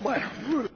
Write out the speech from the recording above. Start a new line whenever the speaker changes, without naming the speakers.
Bueno.